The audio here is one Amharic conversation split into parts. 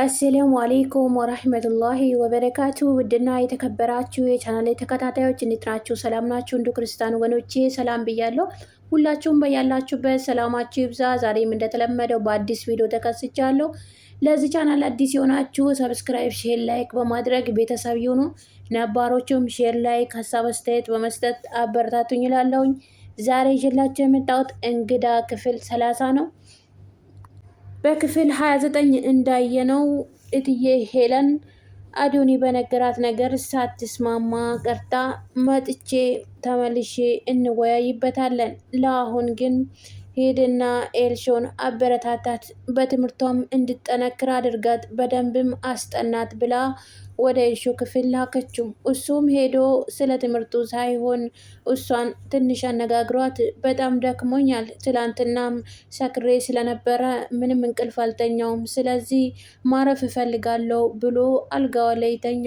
አሰላሙ አሌይኩም ወራህመቱላሂ ወበረካቱ። ውድና የተከበራችሁ የቻናል ተከታታዮች እንዴት ናችሁ? ሰላም ናችሁ? እንዱ ክርስቲያን ወገኖቼ ሰላም ብያለሁ። ሁላችሁም በያላችሁበት ሰላማችሁ ይብዛ። ዛሬም እንደተለመደው በአዲስ ቪዲዮ ተከስቻለሁ። ለዚህ ቻናል አዲስ የሆናችሁ ሰብስክራይብ፣ ሼር፣ ላይክ በማድረግ ቤተሰብ ይሁኑ። ነባሮችም ሼር፣ ላይክ፣ ሀሳብ አስተያየት በመስጠት አበረታቱኝ እላለሁኝ። ዛሬ ይዤላችሁ የመጣሁት እንግዳ ክፍል ሰላሳ ነው። በክፍል 29 እንዳየነው እትዬ ሄለን አዶኒ በነገራት ነገር ሳትስማማ ቀርታ መጥቼ ተመልሼ እንወያይበታለን። ለአሁን ግን ሄድና ኤልሾን አበረታታት፣ በትምህርቷም እንድጠነክር አድርጋት፣ በደንብም አስጠናት ብላ ወደ እሹ ክፍል ላከችው። እሱም ሄዶ ስለ ትምህርቱ ሳይሆን እሷን ትንሽ አነጋግሯት በጣም ደክሞኛል፣ ትላንትናም ሰክሬ ስለነበረ ምንም እንቅልፍ አልተኛውም፣ ስለዚህ ማረፍ እፈልጋለሁ ብሎ አልጋዋ ላይ ተኛ።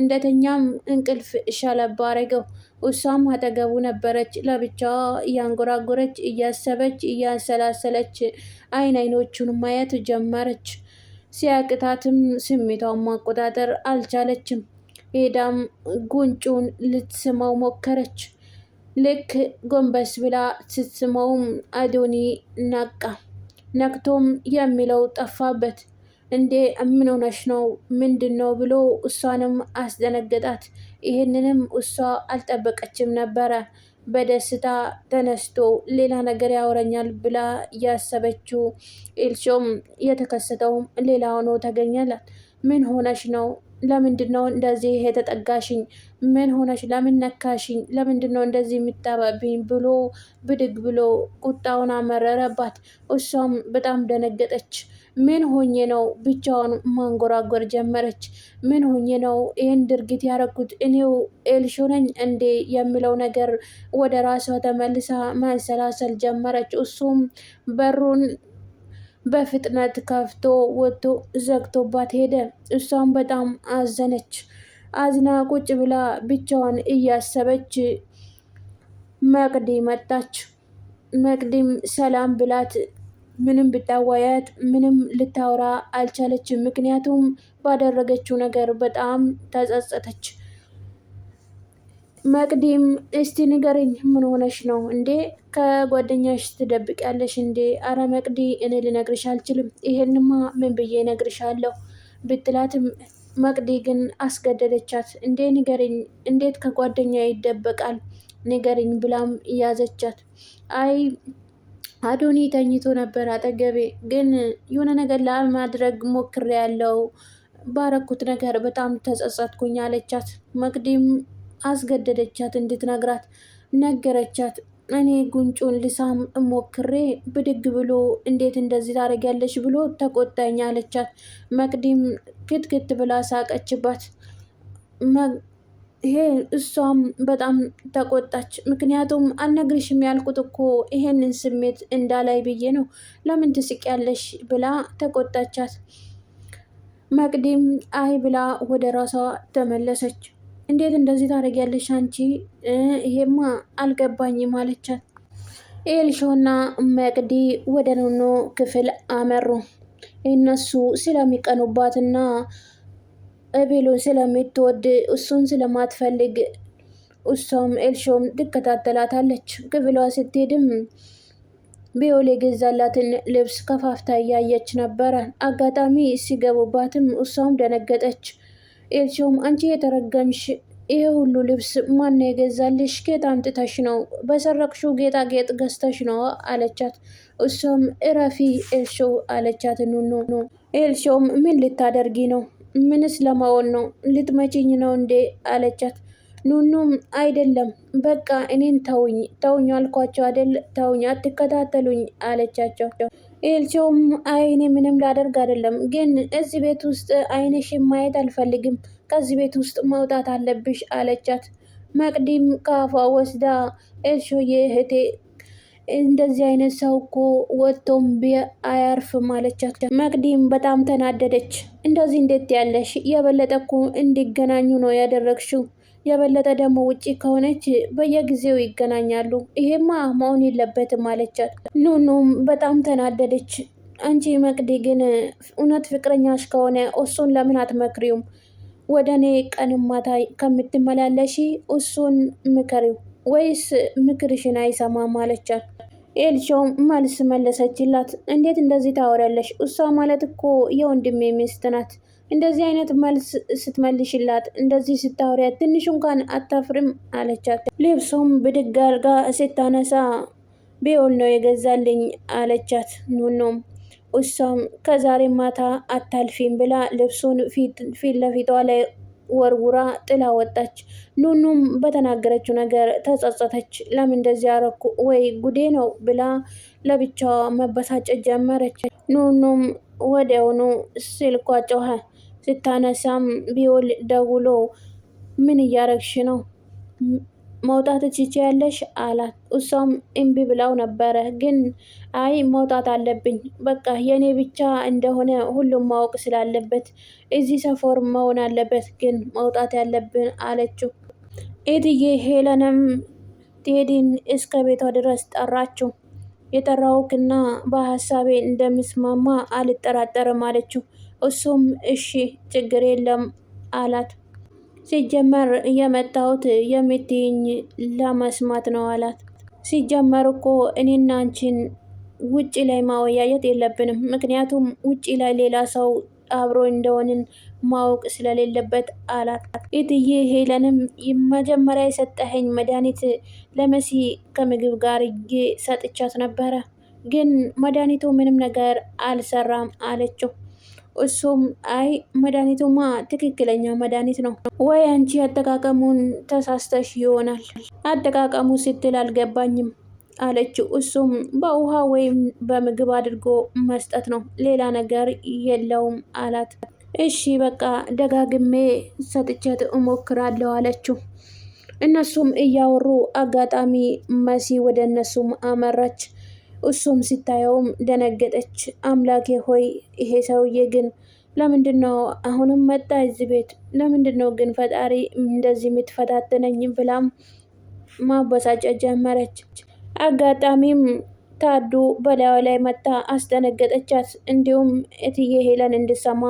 እንደተኛም እንቅልፍ ሸለባ አረገው። እሷም አጠገቡ ነበረች። ለብቻዋ እያንጎራጎረች፣ እያሰበች፣ እያሰላሰለች አይን አይኖቹን ማየት ጀመረች። ሲያቅታትም ስሜቷን ማቆጣጠር አልቻለችም። ሄዳም ጉንጩን ልትስመው ሞከረች። ልክ ጎንበስ ብላ ስትስመውም አዶኒ ነቃ። ነቅቶም የሚለው ጠፋበት። እንዴ ምን ሆነሽ ነው? ምንድን ነው ብሎ እሷንም አስደነገጣት። ይህንንም እሷ አልጠበቀችም ነበረ። በደስታ ተነስቶ ሌላ ነገር ያወረኛል ብላ እያሰበችው ኤልሾም የተከሰተውም ሌላ ሆኖ ተገኘላት። ምን ሆነሽ ነው ለምንድን ነው እንደዚህ ተጠጋሽኝ ምን ሆነሽ? ለምን ነካሽኝ? ለምንድን ነው እንደዚህ የምታባብኝ? ብሎ ብድግ ብሎ ቁጣውን አመረረባት። እሷም በጣም ደነገጠች። ምን ሆኜ ነው? ብቻውን ማንጎራጎር ጀመረች። ምን ሆኜ ነው ይህን ድርጊት ያደረኩት? እኔው ኤልሹ ነኝ እንዴ? የሚለው ነገር ወደ ራሷ ተመልሳ መንሰላሰል ጀመረች። እሱም በሩን በፍጥነት ከፍቶ ወጥቶ ዘግቶባት ሄደ። እሷም በጣም አዘነች። አዝና ቁጭ ብላ ብቻዋን እያሰበች መቅዲ መጣች። መቅዲም ሰላም ብላት ምንም ብታወያት ምንም ልታወራ አልቻለችም። ምክንያቱም ባደረገችው ነገር በጣም ተጸጸተች። መቅዲም እስቲ ንገርኝ፣ ምን ሆነሽ ነው እንዴ? ከጓደኛሽ ትደብቂያለሽ እንዴ? አረ መቅዲ፣ እኔ ልነግርሽ አልችልም። ይሄንማ ምን ብዬ አለው ብትላትም መቅዲ ግን አስገደደቻት። እንዴ ንገርኝ፣ እንዴት ከጓደኛ ይደበቃል? ንገርኝ ብላም እያዘቻት። አይ አዶኒ ተኝቶ ነበር አጠገቤ፣ ግን የሆነ ነገር ለማድረግ ሞክሬ ያለው ባረኩት ነገር በጣም ተጸጸትኩኝ አለቻት። መቅዲም አስገደደቻት እንድትነግራት ነገረቻት። እኔ ጉንጩን ልሳም ሞክሬ ብድግ ብሎ እንዴት እንደዚህ ታደርጊያለሽ ብሎ ተቆጣኝ አለቻት። መቅዲም ክትክት ብላ ሳቀችባት። ይሄ እሷም በጣም ተቆጣች። ምክንያቱም አልነግርሽም ያልኩት እኮ ይሄንን ስሜት እንዳላይ ብዬ ነው፣ ለምን ትስቂያለሽ ብላ ተቆጣቻት። መቅዲም አይ ብላ ወደ ራሷ ተመለሰች። እንዴት እንደዚህ ታደርጊያለሽ አንቺ? ይሄማ አልገባኝም አለቻት። ኤልሾና መቅዲ ወደ ኑኑ ክፍል አመሩ። እነሱ ስለሚቀኑባትና እቤሎን ስለምትወድ እሱን ስለማትፈልግ እሷም ኤልሾም ትከታተላታለች። ክፍሏ ስትሄድም ቢዮል የገዛላትን ልብስ ከፋፍታ እያየች ነበረ። አጋጣሚ ሲገቡባትም እሷም ደነገጠች። ኤልሲውም አንቺ የተረገምሽ ይሄ ሁሉ ልብስ ማን የገዛልሽ? ጌጥ አምጥተሽ ነው? በሰረቅሽው ጌጣጌጥ ገዝተሽ ነው አለቻት። እሷም እረፊ ኤልሾ አለቻት። ኑኑ ኤልሾም ምን ልታደርጊ ነው? ምንስ ለማወን ነው? ልትመችኝ ነው እንዴ አለቻት። ኑኑም አይደለም በቃ እኔን ተውኝ፣ ተውኝ አልኳቸው አደል? ተውኝ፣ አትከታተሉኝ አለቻቸው። ኤልቸውም አይኔ ምንም ላደርግ አይደለም፣ ግን እዚህ ቤት ውስጥ አይንሽን ማየት አልፈልግም፣ ከዚህ ቤት ውስጥ መውጣት አለብሽ አለቻት። መቅዲም ካፏ ወስዳ ኤልሾዬ እህቴ እንደዚህ አይነት ሰው እኮ ወጥቶም አያርፍም አለቻት። መቅዲም በጣም ተናደደች። እንደዚህ እንዴት ያለሽ የበለጠ እኮ እንዲገናኙ ነው ያደረግሽው የበለጠ ደግሞ ውጪ ከሆነች በየጊዜው ይገናኛሉ። ይሄማ መሆን የለበትም አለቻት። ኑኑም በጣም ተናደደች። አንቺ መቅዲ ግን እውነት ፍቅረኛሽ ከሆነ እሱን ለምን አትመክሪውም? ወደ እኔ ቀን ማታ ከምትመላለሺ እሱን ምከሪው ወይስ ምክርሽን አይሰማም አለቻት። ኤልሾም መልስ መለሰችላት። እንዴት እንደዚህ ታወሪያለሽ? እሷ ማለት እኮ የወንድሜ ሚስት ናት። እንደዚህ አይነት መልስ ስትመልሽላት፣ እንደዚህ ስታወሪያት ትንሽ እንኳን አታፍርም አለቻት። ልብሱም ብድግ ስታነሳ ቢሆን ነው የገዛልኝ አለቻት። ኑኖም እሷም ከዛሬ ማታ አታልፊም ብላ ልብሱን ፊት ለፊቷ ላይ ወርውራ ጥላ ወጣች። ኑኑም በተናገረችው ነገር ተጸጸተች። ለምን እንደዚህ አረኩ ወይ ጉዴ ነው ብላ ለብቻዋ መበሳጨት ጀመረች። ኑኑም ወዲያውኑ ስልኳ ጮኸ። ስታነሳም ቢወል ደውሎ ምን እያረግሽ ነው መውጣት ያለሽ አላት። እሷም እምቢ ብላው ነበረ፣ ግን አይ መውጣት አለብኝ በቃ የእኔ ብቻ እንደሆነ ሁሉም ማወቅ ስላለበት እዚህ ሰፈር መሆን አለበት፣ ግን መውጣት ያለብን አለችው። ኤትዬ ሄለንም ቴዲን እስከ ቤቷ ድረስ ጠራችው። የጠራውክና በሀሳቤ እንደምስማማ አልጠራጠርም አለችው። እሱም እሺ ችግር የለም አላት። ሲጀመር የመጣሁት የምትይኝ ለመስማት ነው አላት። ሲጀመር እኮ እኔና አንቺን ውጭ ላይ ማወያየት የለብንም ምክንያቱም ውጭ ላይ ሌላ ሰው አብሮ እንደሆንን ማወቅ ስለሌለበት አላት። እትዬ ሄለንም መጀመሪያ የሰጠኸኝ መድኃኒት ለመሲ ከምግብ ጋር እዬ ሰጥቻት ነበረ፣ ግን መድኃኒቱ ምንም ነገር አልሰራም አለችው። እሱም አይ መድኃኒቱማ ትክክለኛ መድኃኒት ነው ወይ አንቺ አጠቃቀሙን ተሳስተሽ ይሆናል አጠቃቀሙ ስትል አልገባኝም አለችው። እሱም በውሃ ወይም በምግብ አድርጎ መስጠት ነው፣ ሌላ ነገር የለውም አላት። እሺ በቃ ደጋግሜ ሰጥቼት እሞክራለሁ አለችው። እነሱም እያወሩ አጋጣሚ መሲ ወደ እነሱም አመራች። እሱም ሲታየውም ደነገጠች። አምላኬ ሆይ ይሄ ሰውዬ ግን ለምንድን ነው አሁንም መጣ እዚህ ቤት? ለምንድን ነው ግን ፈጣሪ እንደዚህ የምትፈታተነኝ? ብላም ማበሳጨ ጀመረች። አጋጣሚም ታዱ በላዩ ላይ መታ አስደነገጠቻት። እንዲሁም እትዬ ሄለን እንድሰማ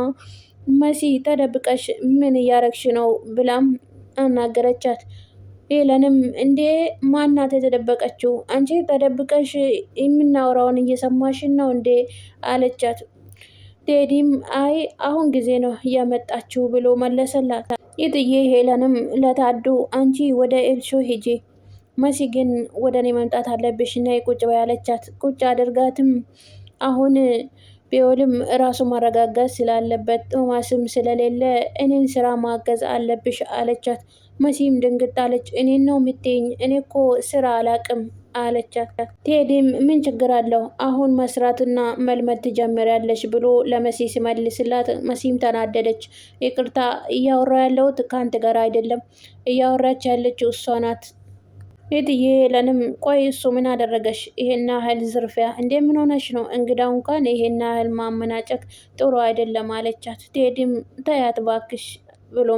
መሲ ተደብቀሽ ምን እያረግሽ ነው? ብላም አናገረቻት። ኤለንም እንዴ ማናት የተደበቀችው? አንቺ ተደብቀሽ የምናወራውን እየሰማሽን ነው እንዴ አለቻት። ቴዲም አይ አሁን ጊዜ ነው ያመጣችው ብሎ መለሰላት። ይጥዬ ሄለንም ለታዱ አንቺ ወደ ኤልሾ ሂጂ መሲ ግን ወደ እኔ መምጣት አለብሽ እና ቁጭ በይ አለቻት። ቁጭ አድርጋትም አሁን ቢሆንም ራሱ ማረጋጋት ስላለበት ቶማስም ስለሌለ እኔን ስራ ማገዝ አለብሽ አለቻት። መሲም ድንግጥ አለች። እኔን ነው የምትይኝ? እኔ እኮ ስራ አላቅም አለቻት። ቴዲም ምን ችግር አለው አሁን መስራትና መልመድ ትጀምሪያለሽ ብሎ ለመሲ ሲመልስላት መሲም ተናደደች። ይቅርታ እያወራ ያለሁት ከአንተ ጋር አይደለም፣ እያወራች ያለችው እሷ ናት ቤትዬ ለንም ቆይ እሱ ምን አደረገሽ? ይሄን ያህል ዝርፊያ እንደምን ሆነሽ ነው? እንግዳው እንኳን ይሄን ያህል ማመናጨቅ ጥሩ አይደለም አለቻት። ቴዲም ተያት ባክሽ ብሎ